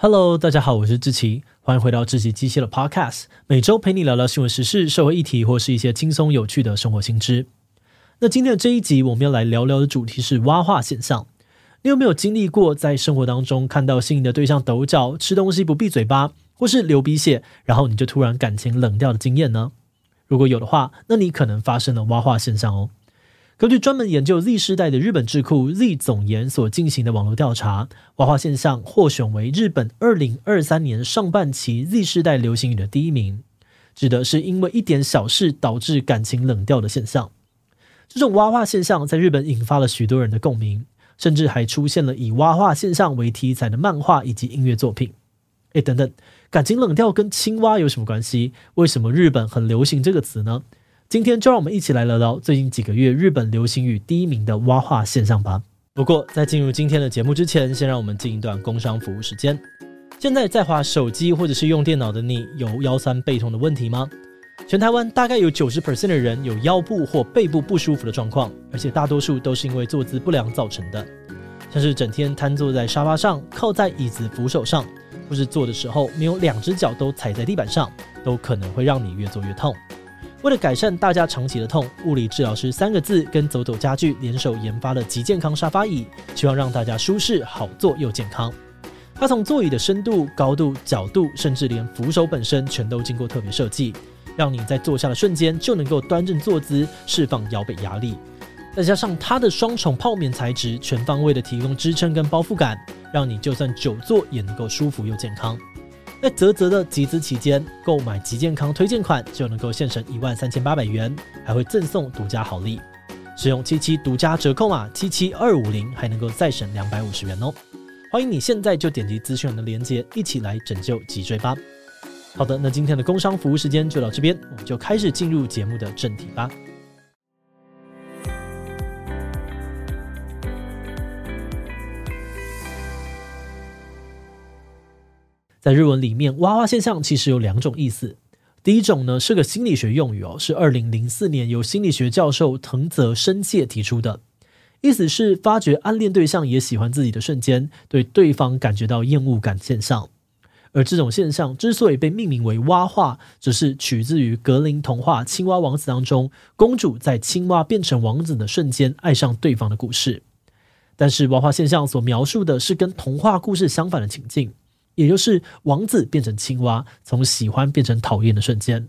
Hello，大家好，我是志祺，歡迎回到志祺七七的 Podcast，每周陪你聊聊新聞時事、社會議題，或是一些輕鬆有趣的生活新知。那今天的這一集，我們要來聊聊的主題是蛙化現象。你有沒有經歷過在生活當中看到心儀的對象抖腳、吃東西不閉嘴巴，或是流鼻血，然後你就突然感情冷掉的經驗呢？如果有的話，那你可能發生了蛙化現象哦。根據專門研究 Z 世代的日本智庫 Z 總研所進行的網絡調查蛙化現象獲選為日本2023年上半期 Z 世代流行語的第一名，指的是因為一點小事導致感情冷掉的現象。這種蛙化現象在日本引發了許多人的共鳴，甚至還出現了以蛙化現象為題材的漫畫以及音樂作品。哎、欸，等等，感情冷掉跟青蛙有什麼關係？為什麼日本很流行這個詞呢？今天就讓我們一起來聊聊最近幾個月日本流行語第一名的蛙化現象吧。不過，在進入今天的節目之前，先讓我們進一段工商服務時間。現在在滑手機或者是用電腦的你，有腰痠背痛的問題嗎？全台灣大概有90%的人有腰部或背部不舒服的狀況，而且大多數都是因為坐姿不良造成的。像是整天癱坐在沙發上，靠在椅子扶手上，或是坐的時候沒有兩隻腳都踩在地板上，都可能會讓你越坐越痛。為了改善大家長期的痛，物理治療師三個字跟走走家具聯手研發了脊健康沙發椅，希望讓大家舒適好坐又健康。它從座椅的深度、高度、角度，甚至連扶手本身全都經過特別設計，讓你在坐下的瞬間就能夠端正坐姿，釋放腰背壓力。再加上它的雙重泡棉材質，全方位的提供支撐跟包覆感，讓你就算久坐也能夠舒服又健康。在嘖嘖的集資期間購買脊健康推薦款，就能夠現省一萬三千八百元，還會贈送獨家好禮。使用七七獨家折扣碼七七二五零，250, 還能夠再省兩百五十元哦。歡迎你現在就點擊資訊欄的鏈接，一起來拯救脊椎吧。好的，那今天的工商服務時間就到這邊，我們就開始進入節目的正題吧。在日文裡面，蛙化現象其實有兩種意思。第一種呢是個心理學用語哦，是二零零四年由心理學教授藤澤伸介提出的，意思是發覺暗戀對象也喜歡自己的瞬間，對，對對方感覺到厭惡感現象。而這種現象之所以被命名為蛙化，則是取自於格林童話《青蛙王子》當中，公主在青蛙變成王子的瞬間愛上對方的故事。但是蛙化現象所描述的是跟童話故事相反的情境。也就是王子變成青蛙，從喜歡變成討厭的瞬間。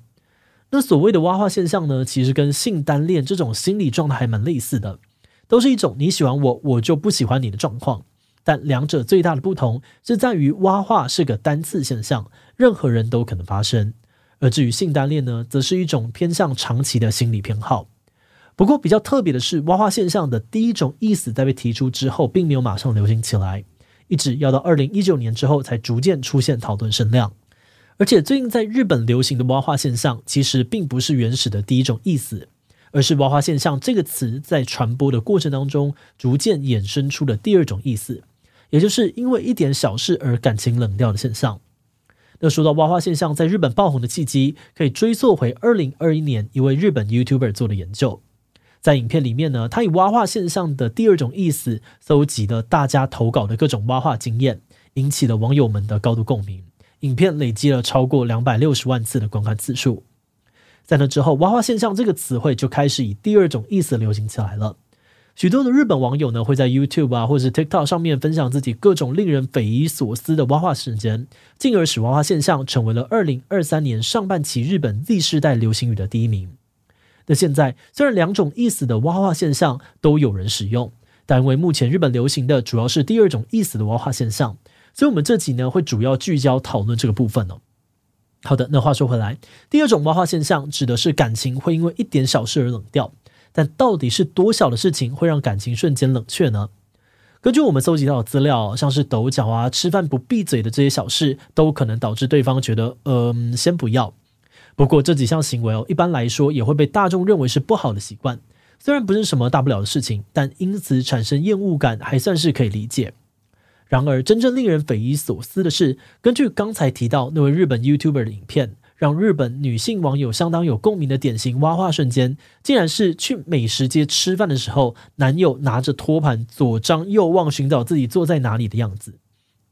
那所謂的蛙化現象呢，其實跟性單戀這種心理狀態還蠻類似的，都是一種你喜歡我，我就不喜歡你的狀況。但兩者最大的不同是在於蛙化是個單次現象，任何人都可能發生，而至於性單戀呢，則是一種偏向長期的心理偏好。不過比較特別的是，蛙化現象的第一種意思在被提出之後，並沒有馬上流行起來。一直要到二零一九年之後，才逐漸出現討論聲量。而且最近在日本流行的蛙化現象，其實並不是原始的第一種意思，而是蛙化現象這個詞在傳播的過程當中，逐漸衍生出的第二種意思，也就是因為一點小事而感情冷掉的現象。那說到蛙化現象在日本爆紅的契機，可以追溯回二零二一年一位日本 YouTuber 做的研究。在影片裡面呢，他以蛙化現象的第二種意思，蒐集了大家投稿的各種蛙化經驗，引起了網友們的高度共鳴。影片累積了超過兩百六十萬次的觀看次數。在那之後，蛙化現象這個詞彙就開始以第二種意思流行起來了。許多的日本網友呢，會在 YouTube 啊，或者是 TikTok 上面分享自己各種令人匪夷所思的蛙化時間，進而使蛙化現象成為了二零二三年上半期日本 Z 世代流行語的第一名。那現在雖然兩種意思的蛙化現象都有人使用，但因為目前日本流行的主要是第二種意思的蛙化現象，所以我們這集呢會主要聚焦討論這個部分哦。好的，那話說回來，第二種蛙化現象指的是感情會因為一點小事而冷掉，但到底是多小的事情會讓感情瞬間冷卻呢？根據我們蒐集到的資料，像是抖腳啊、吃飯不閉嘴的這些小事，都可能導致對方覺得，嗯、呃，先不要。不過這幾項行為哦，一般來說也會被大眾認為是不好的習慣。雖然不是什麼大不了的事情，但因此產生厭惡感還算是可以理解。然而，真正令人匪夷所思的是，根據剛才提到那位日本 YouTuber 的影片，讓日本女性網友相當有共鳴的典型蛙化瞬間，竟然是去美食街吃飯的時候，男友拿着托盤左張右望尋找自己坐在哪裡的樣子。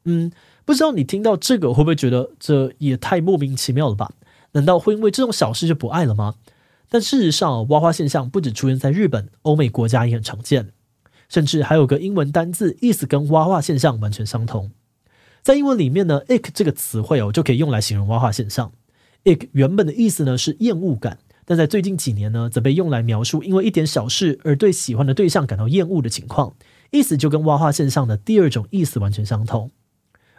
嗯，不知道你聽到這個會不會覺得這也太莫名其妙了吧？難道會因為這種小事就不愛了嗎？但事實上、啊，蛙化現象不只出現在日本，歐美國家也很常見。甚至還有個英文單字，意思跟蛙化現象完全相同。在英文裡面呢，ick 這個詞彙哦，就可以用來形容蛙化現象。ick 原本的意思呢是厭惡感，但在最近幾年呢，則被用來描述因為一點小事而對喜歡的對象感到厭惡的情況，意思就跟蛙化現象的第二種意思完全相同。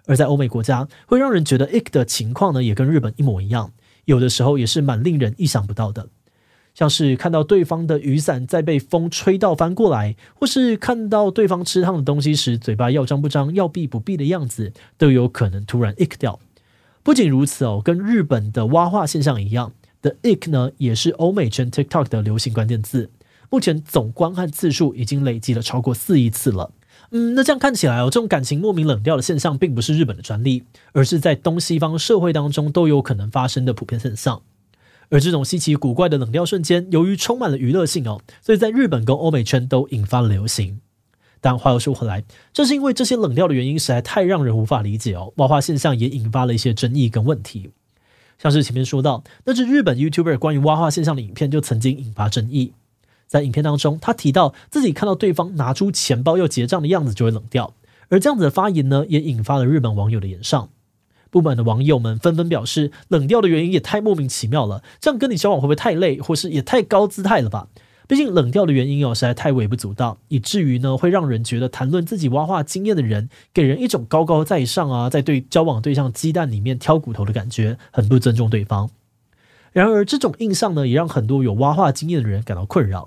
而在歐美國家，會讓人覺得 ick 的情況呢，也跟日本一模一樣。有的時候也是蠻令人意想不到的，像是看到對方的雨傘在被風吹到翻過來，或是看到對方吃燙的東西時嘴巴要張不張、要閉不閉的樣子，都有可能突然 ick 掉。不僅如此哦，跟日本的蛙化現象一樣，the ick 呢也是歐美圈 TikTok 的流行關鍵字，目前總觀看次數已經累積了超過四億次了。嗯，那這樣看起來哦，這種感情莫名冷掉的現象並不是日本的專利，而是在東西方社會當中都有可能發生的普遍現象。而這種稀奇古怪的冷掉瞬間，由於充滿了娛樂性哦，所以在日本跟歐美圈都引發了流行。但話又說回來，正是因為這些冷掉的原因實在太讓人無法理解哦，蛙化現象也引發了一些爭議跟問題，像是前面說到，那只日本 YouTuber 關於蛙化現象的影片就曾經引發爭議。在影片當中，他提到自己看到對方拿出錢包要結賬的樣子就會冷掉，而這樣子的發言呢，也引發了日本網友的炎上。不滿的網友們紛紛表示，冷掉的原因也太莫名其妙了，這樣跟你交往會不會太累，或是也太高姿態了吧？畢竟冷掉的原因哦，實在太微不足道，以至於呢會讓人覺得談論自己蛙化經驗的人給人一種高高在上啊，在對交往對象雞蛋裡面挑骨頭的感覺，很不尊重對方。然而這種印象呢，也讓很多有蛙化經驗的人感到困擾。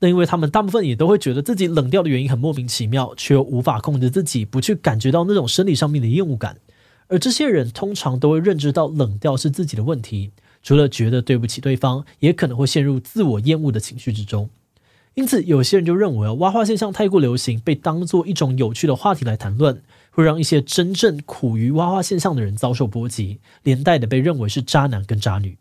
那因為他們大部分也都會覺得自己冷掉的原因很莫名其妙，卻又無法控制自己不去感覺到那種生理上面的厭惡感，而這些人通常都會認知到冷掉是自己的問題，除了覺得對不起對方，也可能會陷入自我厭惡的情緒之中。因此，有些人就認為哦，蛙化現象太過流行，被當做一種有趣的話題來談論，會讓一些真正苦於蛙化現象的人遭受波及，連帶的被認為是渣男跟渣女。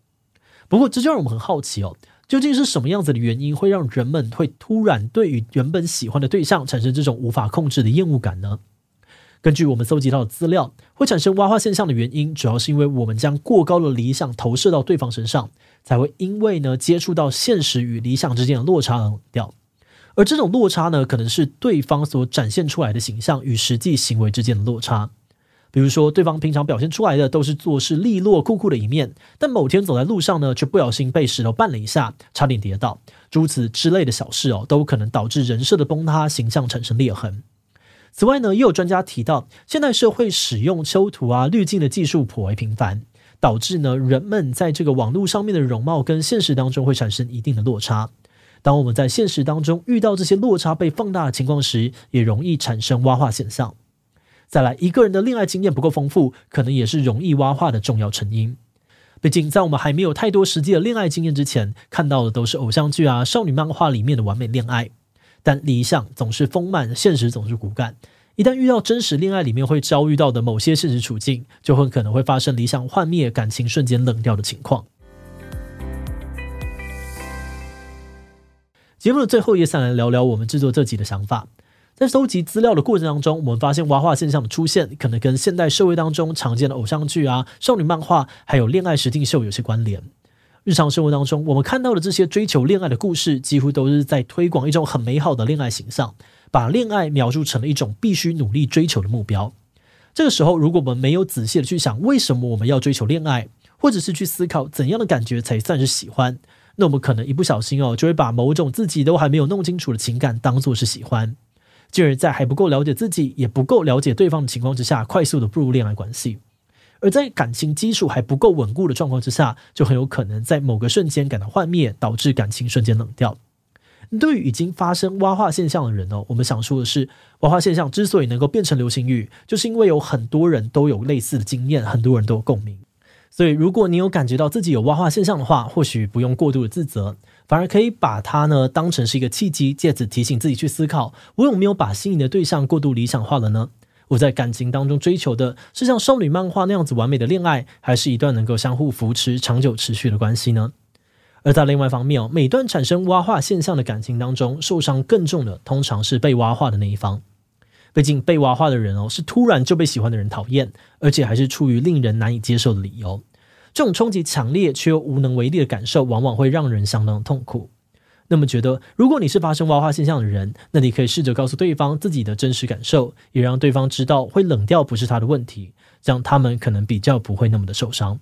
不過，這就讓我們很好奇哦。究竟是什麼樣子的原因會讓人們會突然對於原本喜歡的對象產生這種無法控制的厭惡感呢？根據我們蒐集到的資料，會產生蛙化現象的原因主要是因為我們將過高的理想投射到對方身上，才會因為呢接觸到現實與理想之間的落差而冷掉。而這種落差呢，可能是對方所展現出來的形象與實際行為之間的落差。比如說，對方平常表現出來的都是做事利落、酷酷的一面，但某天走在路上呢，卻不小心被石頭絆了一下，差點跌倒。諸如此類的小事哦，都可能導致人設的崩塌，形象產生裂痕。此外呢，也有專家提到，現代社會使用修圖啊、濾鏡的技術頗為頻繁，導致呢，人們在這個網絡上面的容貌跟現實當中會產生一定的落差。當我們在現實當中遇到這些落差被放大的情況時，也容易產生蛙化現象。再來，一個人的戀愛經驗不夠豐富，可能也是容易蛙化的重要成因。畢竟，在我們還沒有太多實際的戀愛經驗之前，看到的都是偶像劇啊、少女漫畫裡面的完美戀愛。但理想總是豐滿，現實總是骨感。一旦遇到真實戀愛裡面會遭遇到的某些現實處境，就很可能會發生理想幻滅、感情瞬間冷掉的情況。節目的最後，也想來聊聊我們製作這集的想法。在搜集資料的過程當中，我們發現蛙化現象的出現，可能跟現代社會當中常見的偶像劇啊、少女漫畫，還有戀愛實境秀有些關聯。日常生活當中，我們看到的這些追求戀愛的故事，幾乎都是在推廣一種很美好的戀愛形象，把戀愛描述成了一種必須努力追求的目標。這個時候，如果我們沒有仔細地去想為什麼我們要追求戀愛，或者是去思考怎樣的感覺才算是喜歡，那我們可能一不小心哦，就會把某種自己都還沒有弄清楚的情感當做是喜歡。進而在還不夠了解自己，也不夠了解對方的情況之下，快速的步入戀愛關係，而在感情基礎還不夠穩固的狀況之下，就很有可能在某個瞬間感到幻滅，導致感情瞬間冷掉。對於已經發生蛙化現象的人呢、哦，我們想說的是，蛙化現象之所以能夠變成流行語，就是因為有很多人都有類似的經驗，很多人都有共鳴。所以，如果你有感覺到自己有蛙化現象的話，或許不用過度的自責。反而可以把它呢當成是一個契機，借此提醒自己去思考：我有沒有把心儀的對象過度理想化了呢？我在感情當中追求的是像少女漫畫那樣子完美的戀愛，還是一段能夠相互扶持、長久持續的關係呢？而在另外一方面哦，每段產生蛙化現象的感情當中，受傷更重的通常是被蛙化的那一方。畢竟被蛙化的人哦，是突然就被喜歡的人討厭，而且還是出於令人難以接受的理由。這種衝擊強烈卻又無能為力的感受，往往會讓人相當痛苦。那麼，覺得如果你是發生蛙化現象的人，那你可以試着告訴對方自己的真實感受，也讓對方知道會冷掉不是他的問題，這樣他們可能比較不會那麼的受傷。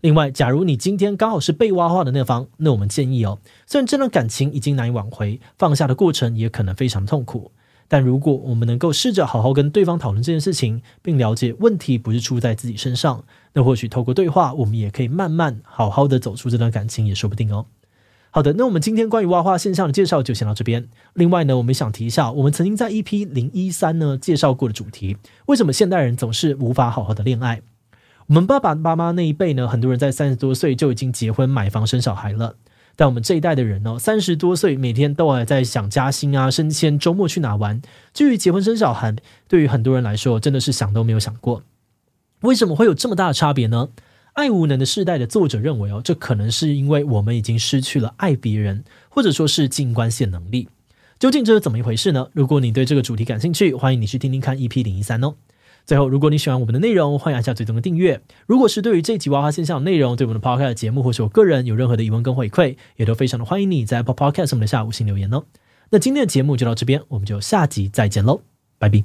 另外，假如你今天剛好是被蛙化的那方，那我們建議哦，雖然這段感情已經難以挽回，放下的過程也可能非常痛苦。但如果我們能夠試着好好跟對方討論這件事情，並了解問題不是出在自己身上，那或許透過對話，我們也可以慢慢好好的走出這段感情，也說不定哦。好的，那我們今天關於蛙化現象的介紹就先到這邊。另外呢，我們想提一下，我們曾經在 EP 零一三呢介紹過的主題：為什麼現代人總是無法好好的戀愛？我們爸爸媽媽那一輩呢，很多人在三十多歲就已經結婚、買房、生小孩了。但我們這一代的人哦，三十多歲，每天都還在想加薪啊、升遷，周末去哪玩？至於結婚生小孩，對於很多人來說，真的是想都沒有想過。為什麼會有這麼大的差別呢？愛無能的世代的作者認為哦，這可能是因為我們已經失去了愛別人，或者說是經營關係的能力。究竟這是怎麼一回事呢？如果你對這個主題感興趣，歡迎你去聽聽看 EP 零一三哦。最後，如果你喜歡我們的內容，歡迎按下最終的訂閱。如果是對於這集《蛙化現象》內容，對我們 Pod 的 Podcast 節目，或是我個人有任何的疑問跟回饋，也都非常的歡迎你在 Apple Podcast 上面下五星留言哦。那今天的節目就到這邊，我們就下集再見嘍，拜拜。